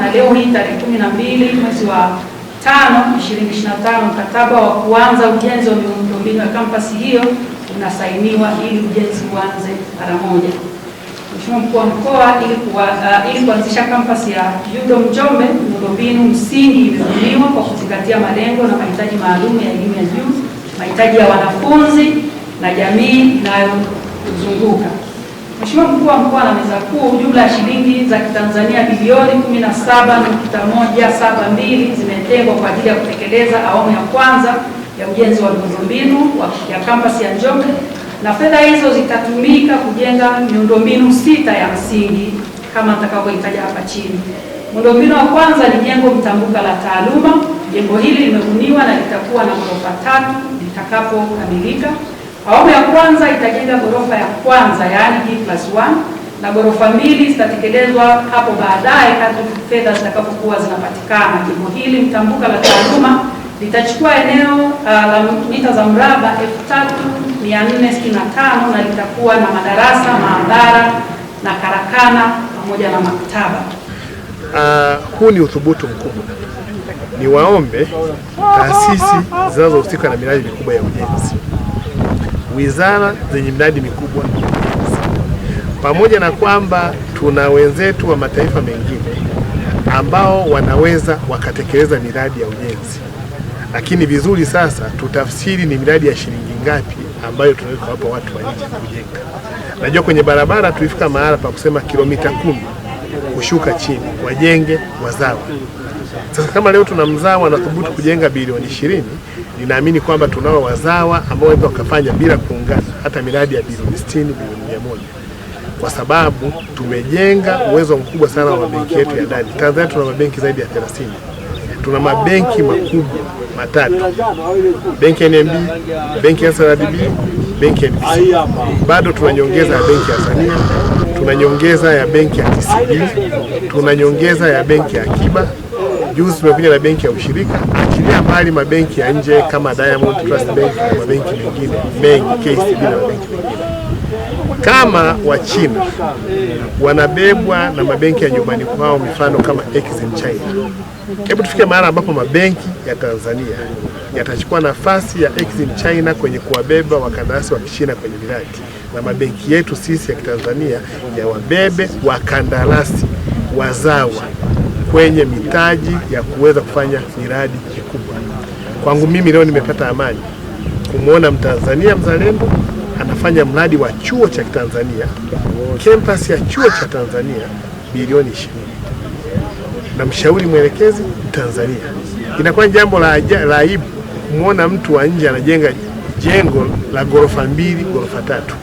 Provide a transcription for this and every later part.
Na leo hii tarehe kumi na mbili mwezi wa tano 2025 mkataba wa kuanza ujenzi wa miundombinu ya kampasi hiyo unasainiwa ili ujenzi uanze mara moja. Mheshimiwa Mkuu wa Mkoa, ili uh, kuanzisha kampasi ya UDOM Njombe, miundombinu msingi imebuniwa kwa kuzingatia malengo na mahitaji maalum ya elimu ya juu, mahitaji ya wanafunzi na jamii inayozunguka. Mheshimiwa Mkuu wa Mkoa na Meza Kuu, jumla ya shilingi za Kitanzania bilioni 17.172 zimetengwa kwa ajili ya kutekeleza awamu ya kwanza ya ujenzi wa miundombinu ya kampasi ya Njombe na fedha hizo zitatumika kujenga miundombinu sita ya msingi kama nitakavyoitaja hapa chini. Miundombinu wa kwanza ni jengo mtambuka la taaluma. Jengo hili limebuniwa na litakuwa na ghorofa tatu litakapokamilika. Awamu ya kwanza itajenga ghorofa ya kwanza yaani D plus 1 na ghorofa mbili zitatekelezwa hapo baadaye kadri fedha zitakapokuwa zinapatikana. Jimbo hili mtambuka la taaluma litachukua eneo uh, la mita za mraba 3465 na litakuwa na madarasa, maabara na karakana pamoja na maktaba. Uh, huu ni uthubutu mkubwa. Niwaombe taasisi zinazohusika na miradi mikubwa ya ujenzi wizara zenye miradi mikubwa pamoja na kwamba tuna wenzetu wa mataifa mengine ambao wanaweza wakatekeleza miradi ya ujenzi, lakini vizuri sasa tutafsiri ni miradi ya shilingi ngapi ambayo tunaweka kuwapa watu wa nje kujenga. Najua kwenye barabara tulifika mahala pa kusema kilomita kumi kushuka chini wajenge wazawa sasa kama leo tuna mzawa anathubutu kujenga bilioni ishirini, ninaamini kwamba tunao wazawa ambao waweza wakafanya bila kuungana hata miradi ya bilioni sitini, bilioni mia moja kwa sababu tumejenga uwezo mkubwa sana wa benki yetu ya ndani. Tanzania tuna mabenki zaidi ya 30. Tuna mabenki makubwa matatu, benki ya NMB, benki ya SRDB, benki ya NBC. Bado tuna nyongeza ya benki ya Tanzania, tuna nyongeza ya benki ya TCB, tuna nyongeza ya benki ya Akiba. Juzi tumekuja na benki ya ushirika, achilia mbali mabenki ya nje kama Diamond Trust Bank na mabenki mengine mengi, KCB na mabenki mengine kama Wachina wanabebwa na mabenki ya nyumbani kwao, mifano kama Exim China. Hebu tufike mahali ambapo mabenki ya Tanzania yatachukua nafasi ya Exim China kwenye kuwabeba wakandarasi wa Kichina kwenye miradi, na mabenki yetu sisi ya Kitanzania yawabebe wakandarasi wazawa kwenye mitaji ya kuweza kufanya miradi mikubwa. Kwangu mimi leo nimepata amani kumwona Mtanzania mzalendo anafanya mradi wa chuo cha Tanzania, kampasi ya chuo cha Tanzania bilioni ishirini na mshauri mwelekezi Mtanzania. Inakuwa jambo la aibu kumwona mtu wa nje anajenga jengo la ghorofa mbili, ghorofa tatu.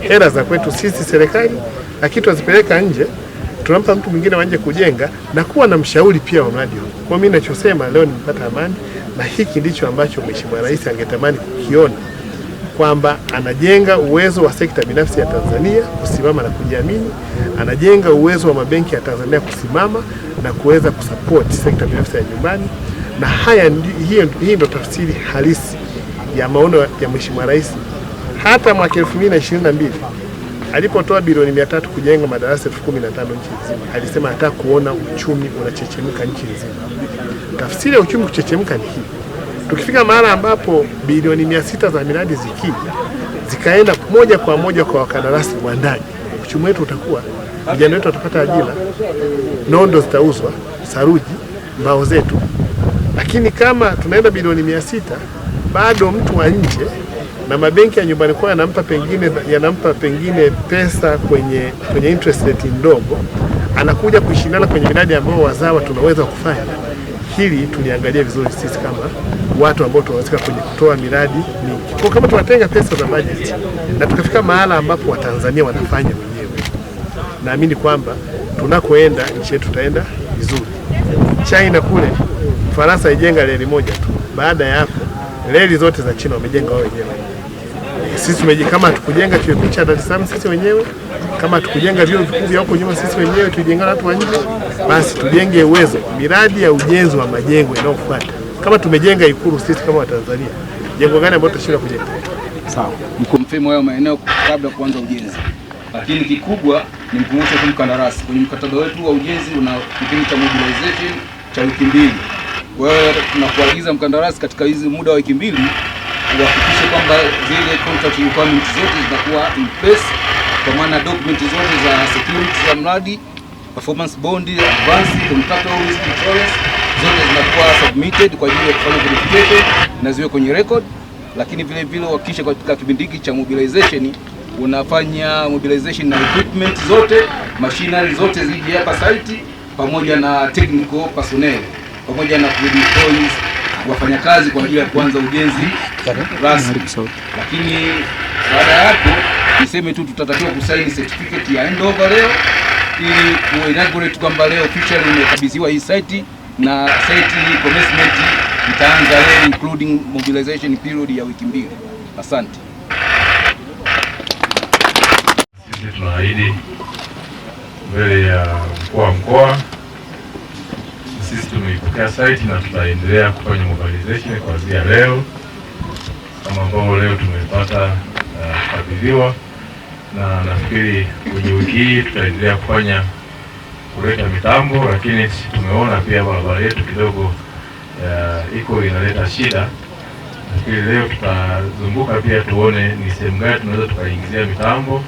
Hela za kwetu sisi serikali, lakini tunazipeleka nje tunampa mtu mwingine waje kujenga na kuwa na mshauri pia wa mradi huu. Kwa mimi ninachosema leo nimepata amani, na hiki ndicho ambacho Mheshimiwa Rais angetamani kukiona kwamba anajenga uwezo wa sekta binafsi ya Tanzania kusimama na kujiamini, anajenga uwezo wa mabenki ya Tanzania kusimama na kuweza kusupport sekta binafsi ya nyumbani, na haya hii ndio tafsiri halisi ya maono ya Mheshimiwa Rais hata mwaka 2022 alipotoa bilioni mia tatu kujenga madarasa elfu kumi na tano nchi nzima, alisema hata kuona uchumi unachechemka nchi nzima. Tafsiri ya uchumi kuchechemka ni hii, tukifika mahala ambapo bilioni mia sita za miradi zikija zikaenda moja kwa moja kwa wakandarasi wa ndani, uchumi wetu utakuwa, vijana wetu watapata ajira, nondo zitauzwa, saruji, mbao zetu. Lakini kama tunaenda bilioni mia sita bado mtu wa nje na mabenki ya nyumbani kwao yanampa pengine, yanampa pengine pesa kwenye, kwenye interest rate ndogo, anakuja kushindana kwenye miradi ambayo wazawa tunaweza kufanya. Hili tuliangalia vizuri sisi kama watu ambao tunawezeka kwenye kutoa miradi mingi, kwa kama tunatenga pesa za bajeti na tukafika mahala ambapo Watanzania wanafanya wenyewe, naamini kwamba tunakoenda nchi yetu tutaenda vizuri. China kule Faransa ijenga reli moja tu, baada ya hapo reli zote za China wamejenga wao wenyewe. Sisi tumeji kama tukujenga chuo picha Dar es Salaam sisi wenyewe, kama tukujenga vyuo vikuu vya huko nyuma sisi wenyewe, tujengana watu wa nje, basi tujenge uwezo. Miradi ya ujenzi wa majengo inayofuata, kama tumejenga Ikulu sisi kama Watanzania, jengo gani ambalo tutashindwa kujenga? Sawa, mfemo wao maeneo kabla kuanza ujenzi, lakini kikubwa ni mkumbushe kwa mkandarasi kwenye mkataba wetu wa ujenzi una kipindi cha mobilization cha wiki mbili. Kwa hiyo tunakuagiza mkandarasi katika hizi muda wa wiki mbili kwamba zile contract requirements zote zinakuwa in place, kwa maana document zote za security za mradi, performance bond, advance contract risk insurance zote zinakuwa submitted kwa ajili ya kufanya verification na ziwe kwenye record, lakini vile vile uhakikishe katika kipindi hiki cha mobilization unafanya mobilization na equipment zote, machinery zote zije hapa site pamoja na technical personnel pamoja na wafanyakazi kwa ajili ya kuanza ujenzi rasmi. Lakini baada ya hapo, niseme tu tutatakiwa kusaini certificate ya handover leo ili kuinaugurate kwamba leo officially imekabidhiwa hii site na site hii commencement itaanza leo including mobilization period ya wiki mbili. Asante. Sisi tunaahidi mbele ya mkuu wa mkoa ya site na tutaendelea kufanya mobilization kuanzia leo, kama ambao leo tumepata uh, kukabidhiwa uh, na nafikiri kwenye wiki hii tutaendelea kufanya kuleta mitambo, lakini tumeona pia barabara yetu kidogo uh, iko inaleta shida. Nafikiri leo tutazunguka pia tuone ni sehemu gani tunaweza tukaingizia mitambo,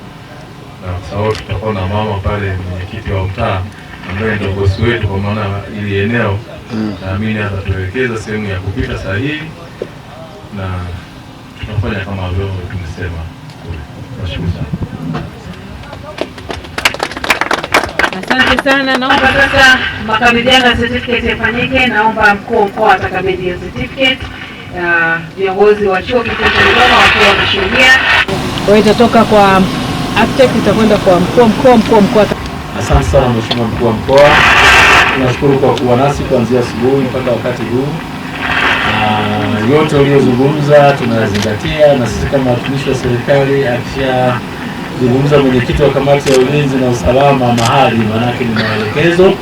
na kwa sababu tutakuwa na mama pale mwenyekiti wa mtaa ambaye ndio bosi wetu, kwa maana ili eneo naamini atatuelekeza sehemu ya kupita sahihi na tunafanya kama vile tumesema kule. Nashukuru sana, asante sana. Naomba sasa makabidhiano ya certificate yafanyike. Naomba mkuu mkoa atakabidhi hiyo certificate, viongozi wa chuo kikuu cha Dodoma wakiwa wanashuhudia. Kwa hiyo itatoka kwa architect itakwenda kwa mkuu mkoa, mkuu mkoa. Asante sana mheshimiwa mkuu wa mkoa tunashukuru kwa kuwa nasi kuanzia asubuhi mpaka wakati huu. na yote uliyozungumza tunazingatia, na sisi kama watumishi wa serikali akishazungumza mwenyekiti wa kamati ya ulinzi na usalama mahali, maanake ni maelekezo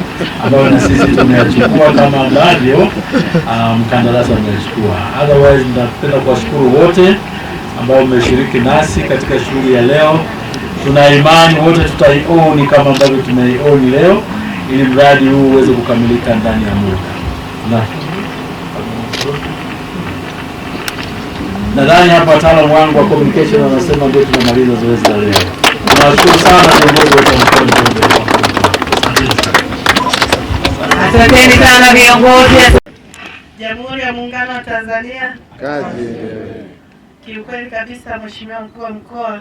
ambayo na sisi tumeyachukua kama ambavyo ah, mkandarasi mkandarasi amechukua. Otherwise, napenda kuwashukuru wote ambao mmeshiriki nasi katika shughuli ya leo. Tuna imani wote tutaioni kama ambavyo tumeioni leo ili mradi huu uweze kukamilika ndani ya muda, na nadhani hapa wataalamu wangu wa communication wanasema ndio tunamaliza zoezi la leo. Nawashukuru sana viongozi wote wa mkoa. Asanteni sana viongozi. Jamhuri ya Muungano wa Tanzania. Kazi. Kiukweli kabisa, Mheshimiwa Mkuu wa Mkoa,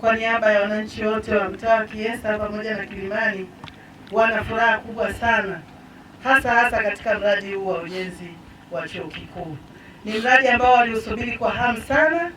kwa niaba ya wananchi wote wa mtaa wa Kiesa pamoja na Kilimani wana furaha kubwa sana, hasa hasa katika mradi huu wa ujenzi wa chuo kikuu. Ni mradi ambao waliusubiri kwa hamu sana,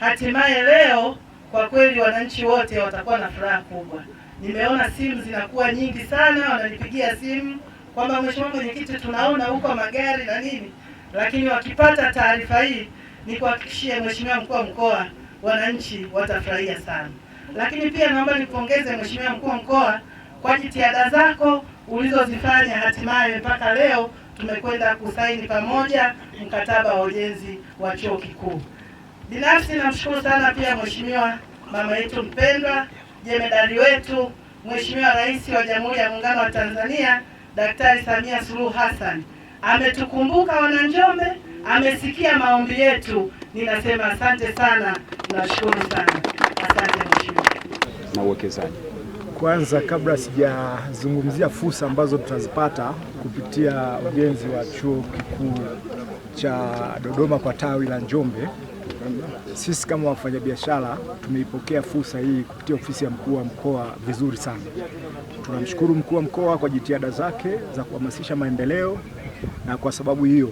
hatimaye leo kwa kweli wananchi wote watakuwa na furaha kubwa. Nimeona simu zinakuwa nyingi sana, wananipigia simu kwamba mheshimiwa mwenyekiti, tunaona huko magari na nini, lakini wakipata taarifa hii, nikuhakikishie mheshimiwa mkuu wa mkoa, wananchi watafurahia sana. Lakini pia naomba nipongeze mheshimiwa mkuu wa mkoa kwa jitihada zako ulizozifanya hatimaye mpaka leo tumekwenda kusaini pamoja mkataba wa ujenzi wa chuo kikuu. Binafsi namshukuru sana pia mheshimiwa mama yetu mpendwa, jemedari wetu, Mheshimiwa Rais wa Jamhuri ya Muungano wa Tanzania Daktari Samia Suluhu Hassan ametukumbuka Wananjombe, amesikia maombi yetu. Ninasema asante sana, nashukuru sana, asante mheshimiwa na uwekezaji kwanza kabla sijazungumzia fursa ambazo tutazipata kupitia ujenzi wa chuo kikuu cha Dodoma kwa tawi la Njombe, sisi kama wafanyabiashara tumeipokea fursa hii kupitia ofisi ya mkuu wa mkoa vizuri sana. Tunamshukuru mkuu wa mkoa kwa jitihada zake za kuhamasisha maendeleo, na kwa sababu hiyo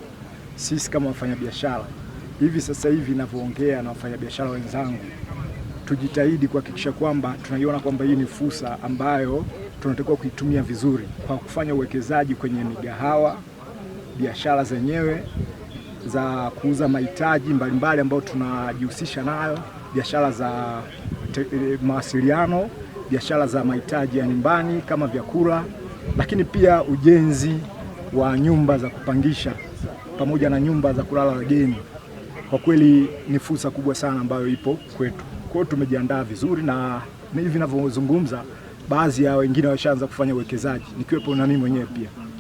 sisi kama wafanyabiashara hivi sasa hivi ninavyoongea na wafanyabiashara wenzangu tujitahidi kuhakikisha kwamba tunaiona kwamba hii ni fursa ambayo tunatakiwa kuitumia vizuri kwa kufanya uwekezaji kwenye migahawa, biashara zenyewe za kuuza mahitaji mbalimbali ambayo tunajihusisha nayo, biashara za e, mawasiliano, biashara za mahitaji ya nyumbani kama vyakula, lakini pia ujenzi wa nyumba za kupangisha pamoja na nyumba za kulala wageni. Kwa kweli ni fursa kubwa sana ambayo ipo kwetu. Kwa hiyo tumejiandaa vizuri, na hivi ninavyozungumza, baadhi ya wengine washaanza kufanya uwekezaji, nikiwepo na mimi mwenyewe pia.